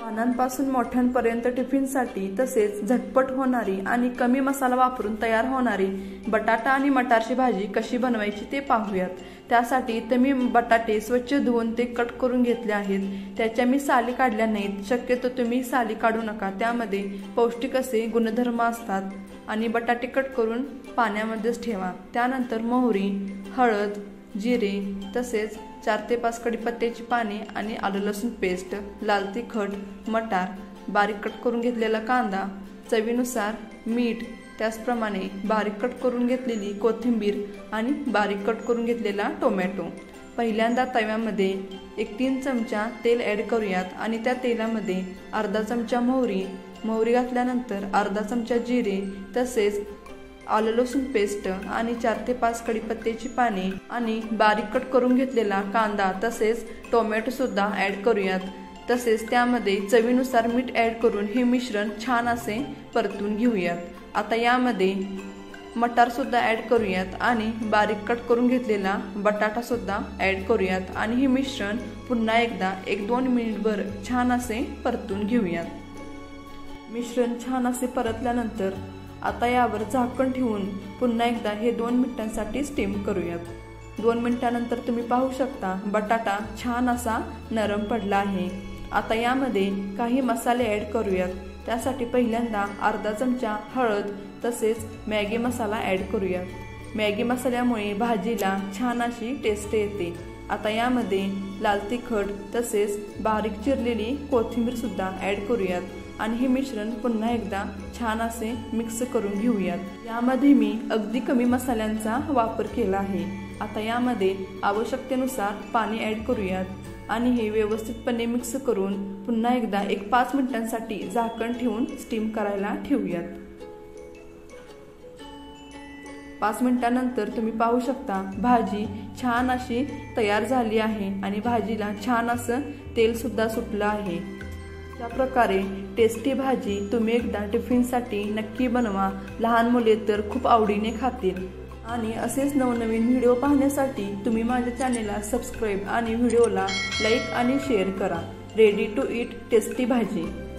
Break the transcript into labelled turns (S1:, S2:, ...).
S1: पानांपासून मोठ्यांपर्यंत टिफिनसाठी तसेच झटपट होणारी आणि कमी मसाला वापरून तयार होणारी बटाटा आणि मटारची भाजी कशी बनवायची ते पाहूयात त्यासाठी इथं मी बटाटे स्वच्छ धुवून ते कट करून घेतले आहेत त्याच्या मी साली काढल्या नाहीत शक्यतो तुम्ही साली काढू नका त्यामध्ये पौष्टिक असे गुणधर्म असतात आणि बटाटे कट करून पाण्यामध्येच ठेवा त्यानंतर मोहरी हळद जिरे तसेच चार ते पाच कडीपत्त्याची पाने आणि आलं लसूण पेस्ट लाल तिखट मटार बारीक कट करून घेतलेला कांदा चवीनुसार मीठ त्याचप्रमाणे बारीक कट करून घेतलेली कोथिंबीर आणि बारीक कट करून घेतलेला टोमॅटो पहिल्यांदा तव्यामध्ये एक तीन चमचा तेल ॲड करूयात आणि त्या तेलामध्ये अर्धा चमचा मोहरी मोहरी घातल्यानंतर अर्धा चमचा जिरे तसेच आलं लसूण पेस्ट आणि चार ते पाच कडीपत्त्याची पाने आणि बारीक कट करून घेतलेला कांदा तसेच टोमॅटो सुद्धा ॲड करूयात तसेच त्यामध्ये चवीनुसार मीठ ॲड करून हे मिश्रण छान असे परतून घेऊयात आता यामध्ये मटारसुद्धा ॲड करूयात आणि बारीक कट करून घेतलेला बटाटा सुद्धा ॲड करूयात आणि हे मिश्रण पुन्हा एकदा एक दोन मिनिटभर छान असे परतून घेऊयात मिश्रण छान असे परतल्यानंतर आता यावर झाकण ठेवून पुन्हा एकदा हे दोन मिनिटांसाठी स्टीम करूयात दोन मिनिटानंतर तुम्ही पाहू शकता बटाटा छान असा नरम पडला आहे आता यामध्ये काही मसाले ॲड करूयात त्यासाठी पहिल्यांदा अर्धा चमचा हळद तसेच मॅगी मसाला ॲड करूयात मॅगी मसाल्यामुळे भाजीला छान अशी टेस्ट येते आता यामध्ये लाल तिखट तसेच बारीक चिरलेली कोथिंबीरसुद्धा ॲड करूयात आणि हे मिश्रण पुन्हा एकदा छान असे मिक्स करून घेऊयात यामध्ये मी अगदी कमी मसाल्यांचा वापर केला आहे आता यामध्ये आवश्यकतेनुसार पाणी ॲड करूयात आणि हे व्यवस्थितपणे मिक्स करून पुन्हा एकदा एक पाच मिनिटांसाठी झाकण ठेवून स्टीम करायला ठेवूयात पाच मिनिटानंतर तुम्ही पाहू शकता भाजी छान अशी तयार झाली आहे आणि भाजीला छान असं तेलसुद्धा सुटलं आहे अशा प्रकारे टेस्टी भाजी तुम्ही एकदा टिफिनसाठी नक्की बनवा लहान मुले तर खूप आवडीने खातील आणि असेच नवनवीन व्हिडिओ पाहण्यासाठी तुम्ही माझ्या चॅनेलला सबस्क्राईब आणि व्हिडिओला लाईक आणि शेअर करा रेडी टू इट टेस्टी भाजी